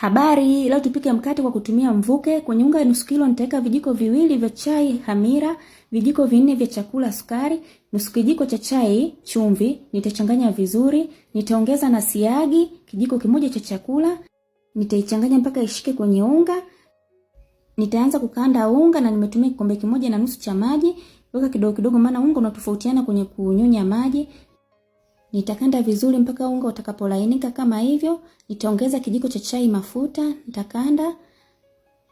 Habari, leo tupike mkate kwa kutumia mvuke. Kwenye unga nusu kilo nitaweka vijiko viwili vya chai hamira, vijiko vinne vya chakula sukari, nusu kijiko cha chai chumvi. Nitachanganya vizuri, nitaongeza na siagi kijiko kimoja cha chakula. Nitaichanganya mpaka ishike kwenye unga. Nitaanza kukanda unga na nimetumia kikombe kimoja na nusu cha maji. Weka kidogo kidogo, maana unga unatofautiana kwenye kunyonya maji. Nitakanda vizuri mpaka unga utakapolainika kama hivyo. Nitaongeza kijiko cha chai mafuta, nitakanda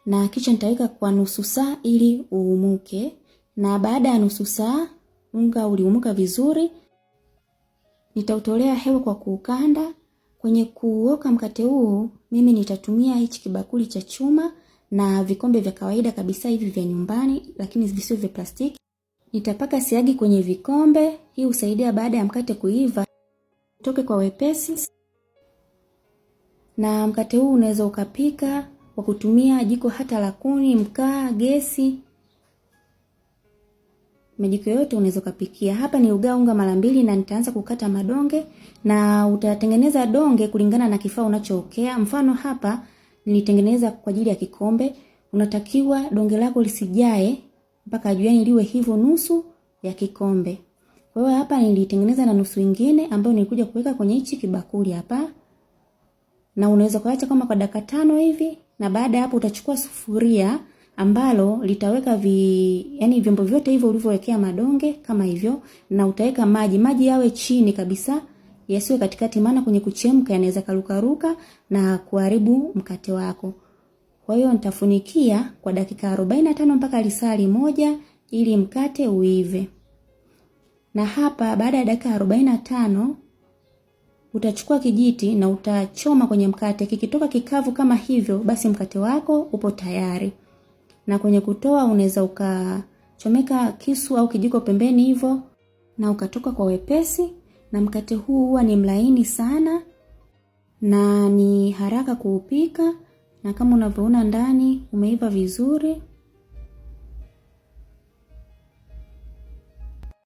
na kisha nitaweka kwa nusu saa ili uumuke. Na baada ya nusu saa unga uliumuka vizuri, nitautolea hewa kwa kuukanda. Kwenye kuoka mkate huu mimi nitatumia hichi kibakuli cha chuma na vikombe vya kawaida kabisa hivi vya nyumbani, lakini visio vya plastiki. Nitapaka siagi kwenye vikombe. Hii husaidia baada ya mkate kuiva toke kwa wepesi. Na mkate huu unaweza ukapika kwa kutumia jiko hata la kuni, mkaa, gesi, majiko yote unaweza ukapikia. Hapa ni ugaa unga mara mbili, na nitaanza kukata madonge, na utatengeneza donge kulingana na kifaa unachookea. Mfano hapa nilitengeneza kwa ajili ya kikombe. Unatakiwa donge lako lisijae mpaka juani, liwe hivyo nusu ya kikombe. Kwa hiyo hapa nilitengeneza na nusu ingine ambayo nilikuja kuweka kwenye hichi kibakuli hapa. Na unaweza kuacha kama kwa dakika tano hivi na baada ya hapo utachukua sufuria ambalo litaweka vi, yani vyombo vyote hivyo ulivyowekea madonge kama hivyo na utaweka maji. Maji yawe chini kabisa yasiwe katikati, maana kwenye kuchemka yanaweza karukaruka na kuharibu mkate wako. Kwa hiyo nitafunikia kwa dakika 45 mpaka lisali moja ili mkate uive na hapa baada ya dakika 45 utachukua kijiti na utachoma kwenye mkate. Kikitoka kikavu kama hivyo, basi mkate wako upo tayari. Na kwenye kutoa, unaweza ukachomeka kisu au kijiko pembeni hivyo, na ukatoka kwa wepesi. Na mkate huu huwa ni mlaini sana na ni haraka kuupika, na kama unavyoona ndani umeiva vizuri.